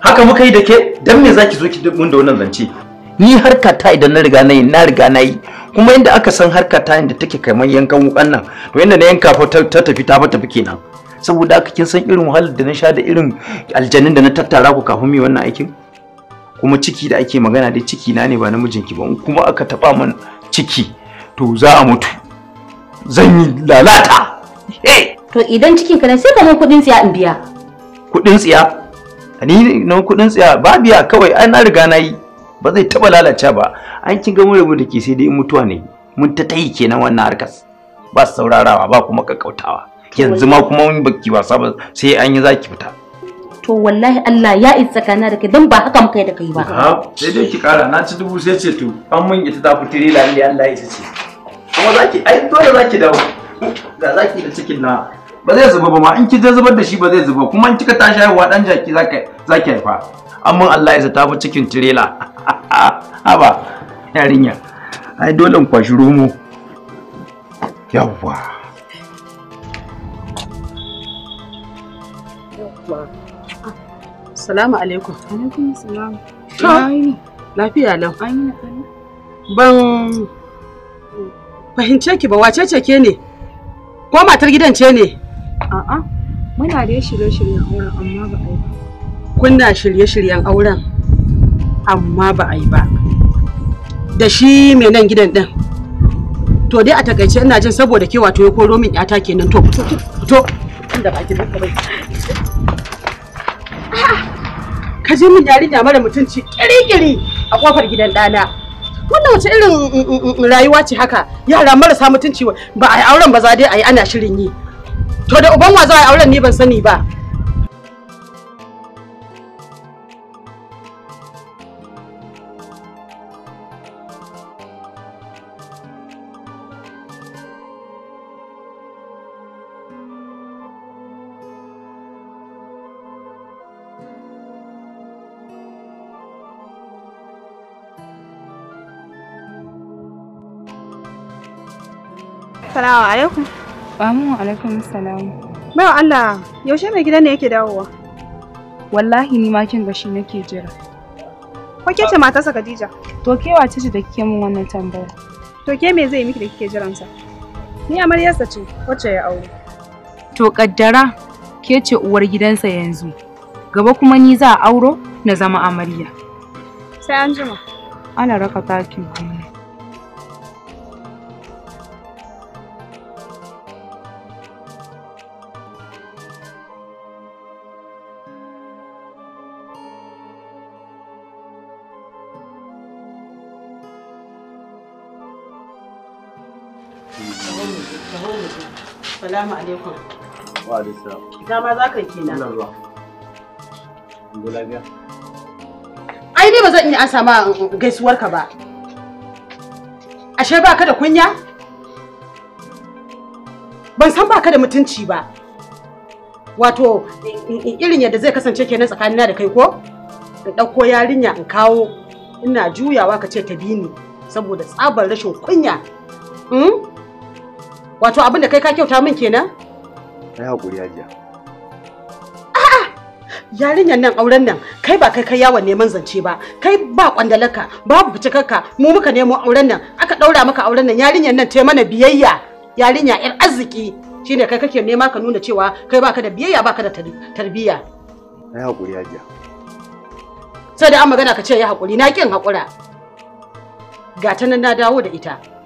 haka muka yi da ke dan me zaki zo ki mun da wannan zance ni harka ta idan na riga nayi na riga nayi kuma inda aka san harka ta inda take kamar yankan wukan nan to inda na yanka fa ta tafi ta fata fike nan saboda aka kin san irin wahalar da na sha da irin aljanin da na tattara ku kafin mi wannan aikin kuma ciki da ake magana dai ciki na ne ba mijinki ba kuma aka taba man ciki to za a mutu zan yi lalata to idan cikin ka ne sai ka kudin tsiya in biya kudin tsiya ni na kuɗin tsaya ba biya kawai ai na riga na ba zai taɓa lalace ba an kin ga mu da ke sai dai mutuwa ne mun ta tayi kenan wannan harkar ba saurarawa ba kuma kakkautawa yanzu ma kuma mun baki wasa ba sai an yi zaki fita to wallahi Allah ya isa tsakana da kai dan ba haka muka yi da kai ba sai dai ki kara na ci dubu sai ce to an mun ita ta fitiri lalle Allah ya yi sace kuma zaki ai dole zaki dawo ga zaki da cikin na ba zai zuba ba ma in kije zubar da shi ba zai zuba kuma in kika tashi haihuwa dan jaki zaka zaki haifa amma Allah ya zata mu cikin tirela haba yarinya ai dole in kwashi romo yawwa Assalamu alaikum. Alaikum salam. Lafiya lau. Ban fahimce ki ba wace ce ke ne? Ko matar gidan ce ne? A'a, muna da shirye-shiryen auren amma ba a yi ba. Kuna shirye-shiryen auren amma ba a yi ba. Da shi mai nan gidan ɗin. To dai a takaice ina jin saboda ke wato ya koro min ƴata kenan to fito fito inda baki da kawai. Ka je min yarinya mara mutunci kirikiri a kofar gidan ɗana. wannan wace irin mm, mm, mm, rayuwa ce haka yara marasa mutunci ba a yi auren ba za dai a yi ana shirin yi to da uban wa za a yi auren ni ban sani ba ai alaikum. Amin alaikum salam. Ba Allah, yaushe mai gidan ne yake dawowa? Wallahi ni ma kin gashi nake jira. Ko ke ce matarsa Khadija? To ke wace ce da kike min wannan tambaya? To ke me zai miki da kike jiran sa? Ni amaryarsa ce wacce ya aure. To kaddara ke ce uwar gidansa yanzu. Gaba kuma ni za a auro na zama amarya. Sai an jima. Ana raka taki. salamu alaikum wa alaikum ai dai ba zan iya ansa ma uh, uh, gaisuwar ka ba ashe ba ka da kunya ban san ba ka da mutunci ba wato irin yadda zai kasance kenan tsakanina da kai ko in ɗauko yarinya in kawo ina juyawa ka ce ta bi ni saboda tsabar rashin kunya hmm? Wato abin da kai ka kyauta min kenan? Kai hakuri hajiya. A'a yarinyar nan auren nan kai ba kai kai yawon neman zance ba kai ba kwandalaka babu cikakka mu muka nemo auren nan aka daura maka auren nan yarinyar nan ta mana biyayya yarinya yar arziki shine kai kake nema ka nuna cewa kai baka da biyayya baka da tarbiyya. Kai hakuri hajiya. Sai da an magana ka ce ya hakuri na kin hakura. Ga ta nan na dawo da ita.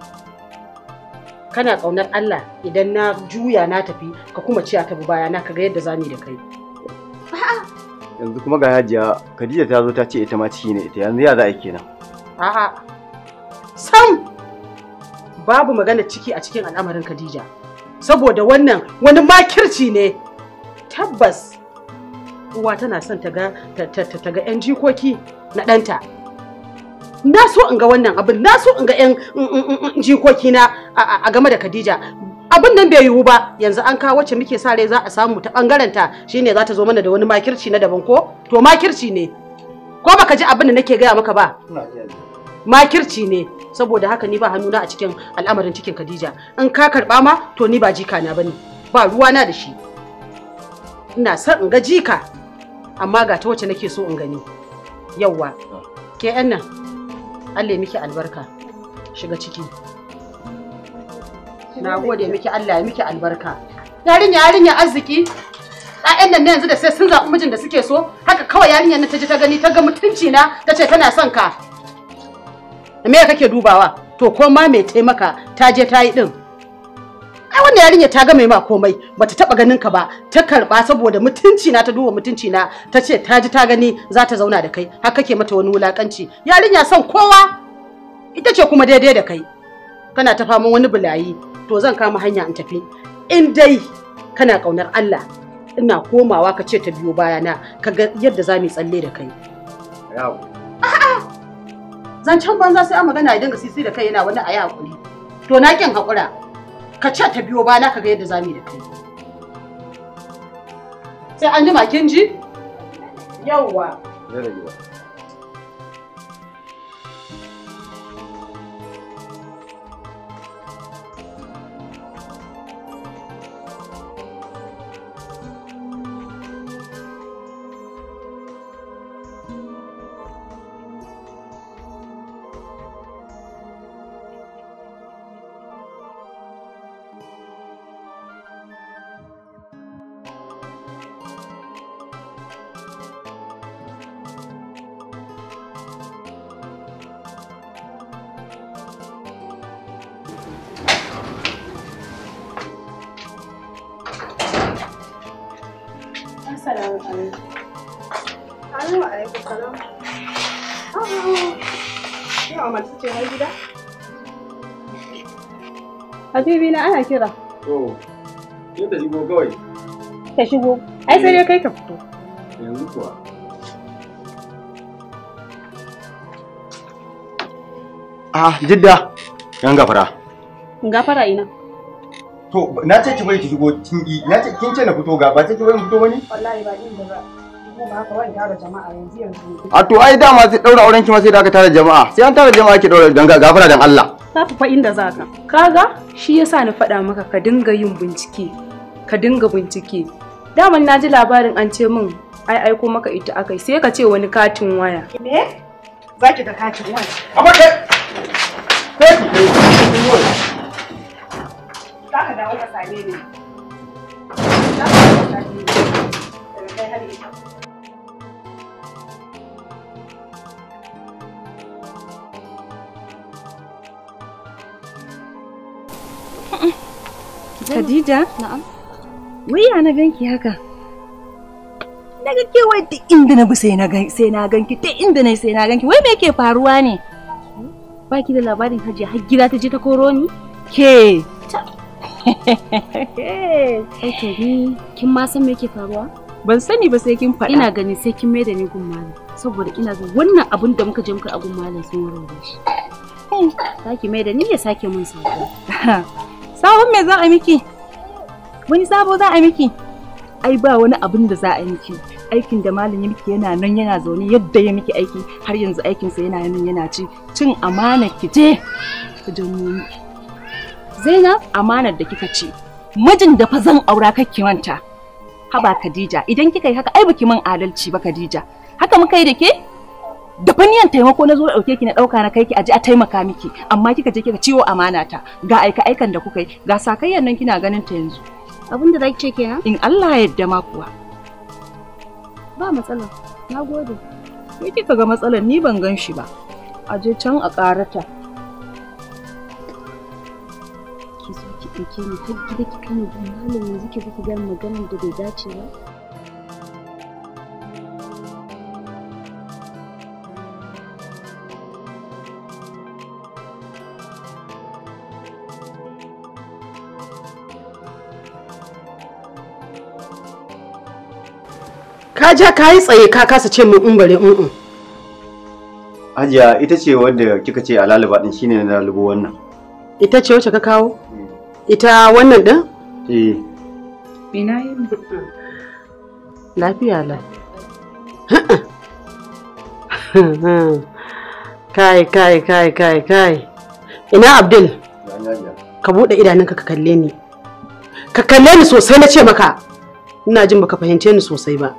kana ƙaunar Allah idan na juya na tafi ka kuma ci ka bi baya na ka ga yadda zamu da kai yanzu kuma ga hajiya Khadija ta zo ta ce ita ma ciki ne ita yanzu ya za a kenan a'a sam babu magana ciki a cikin al'amarin Khadija saboda wannan wani makirci ne tabbas uwa tana son ta ga ta ga 'yan jikoki na ɗanta na so in ga wannan abin na so in ga yan jikoki na a game da Khadija abin nan bai yiwu ba yanzu an kawo wacce muke sa rai za a samu ta bangaren ta shine za ta zo mana da wani makirci na daban ko to makirci ne ko baka ji abin da nake gaya maka ba makirci ne saboda haka ni ba hannuna a cikin al'amarin cikin Khadija in ka karba ma to ni ba jika na bane ba ruwa na da shi ina son in ga jika amma ga ta wacce nake so in gani yawwa ah. ke nan Allah ya miki albarka shiga ciki na gode miki Allah ya miki albarka yarinya yarinya arziki ɗayan nan yanzu da sai sun zaɓi mijin da suke so haka kawai yarinyar nan ta ji ta gani ta ga mutunci na ta ce tana son ka me kake dubawa to ko ma mai taimaka ta je ta yi din ai wanda yarinya ta ga mai ma komai bata taba ganin ka ba ta karba saboda mutunci na ta duba mutunci na ta ce ta ji ta gani za ta zauna da kai har kake mata wani wulakanci yarinya son kowa ita ce kuma daidai da kai kana ta faman wani bulayi to zan kama hanya in tafi in dai kana kaunar Allah ina komawa ka ce ta biyo bayana ka ga yadda za mu tsalle da kai zan can banza sai a magana idan ga sisi da kai yana wani a yi to na kin hakura ka ce ta biyo bana ka ga yadda zamu yi da kai sai an ji kin ji yawwa Assalamu alaikum. Ah, Habibi na ana kira. To, yau shigo kawai. Ta shigo. Ai sai dai kai ka fito. Yanzu kuwa. Ah, jidda. Yan gafara. Gafara ina. To na ce ki bai ki shigo kin yi na ce kin ce na fito ga ba ce ki bai mu fito bane? Wallahi ba din da ba. A to ai dama sai daura auren ki ma sai da aka tara jama'a sai an tara jama'a ki daura ganga, gafara dan Allah. Ka fa inda zaka. ka. Kaga shi yasa ni faɗa maka ka dinga yin bincike ka dinga bincike. Daman na ji labarin an ce min ai aiko maka ita akai sai ka ce wani katin waya. Me? Za ki ga katin waya. Amma kai. Kai ki. za ka dawo ka same ni za ka dawo ka same ni kai har Khadija? Na'am. na ganki haka. Na ga kewaye duk inda na bi sai na ganki, sai na ganki, duk inda na sai na ganki. Wai me yake faruwa ne? Ba da labarin Hajiya har gida ta je ta koro ni? Ke, Ai ni kin ma san me ke faruwa? Ban sani ba sai kin faɗa. Ina gani sai kin mai da ni gun malam saboda ina ga wannan abin da muka je muka a gun malam sun warware shi. Saki hmm, mai da ni ya sake mun sako. Sabon me za a miki? Wani sabo za a miki? Ai ba wani abin da za a miki. Aikin da malam ya miki yana nan yana zaune yadda ya miki aiki har yanzu aikinsa yana nan yana ci cin amana ki je je mu miki. Zainab amanar da kika ce mijin da fa zan aura kake manta. Haba Khadija idan kika yi haka ai baki min adalci ba Khadija. Haka muka yi da ke? Da faniyan taimako na zo dauke ki na dauka na kai ki aje a taimaka miki amma kika je kika ciwo amana ta ga aika aikan da kuka yi ga sakayyan nan kina ganin ta yanzu. Abin da zaki ce kenan? In Allah ya yarda ma kuwa. Ba matsala. Na gode. kika ga matsalar ni ban gan shi ba. Aje can a karata. duke ni har gida ki kai ni malam yanzu ki zuki gan maganar da bai dace ba ka ja ka yi tsaye ka kasa ce min umbare un'un. Hajiya ita ce wadda kika ce a laluba din shine na lalubo wannan. Ita ce wacce ka kawo? Eh. ita wannan din eh ina yin lafiya la kai kai kai kai kai ina abdul ka buɗe idanunka ka kalle ni ka kalle ni sosai na ce maka ina jin baka fahimce ni sosai ba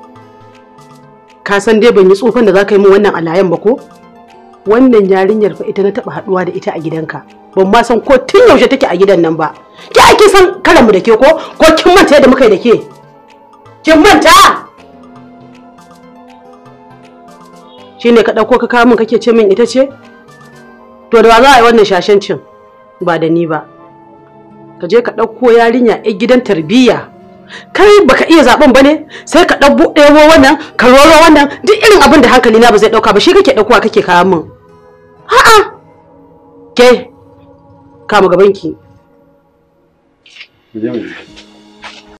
ka san dai ban yi tsufan da za ka yi min wannan alayan ba ko wannan yarinyar fa ita na taba haduwa da ita a gidanka ban ma san ko tun yaushe take a gidan nan ba ki ake san karanmu da ke ko ko kin manta yadda muka yi da ke kin manta shine ka dauko ka kawo min kake ce min ita ce to da za a yi wannan shashancin ba da ni ba ka je ka dauko yarinya a gidan tarbiyya kai baka iya zaben bane sai ka ɗabo ɗebo wannan ka roro wannan duk irin abin da hankali na ba zai ɗauka ba shi kake ɗaukowa kake kawo min A'a. Ke kama gabanki. Mu mu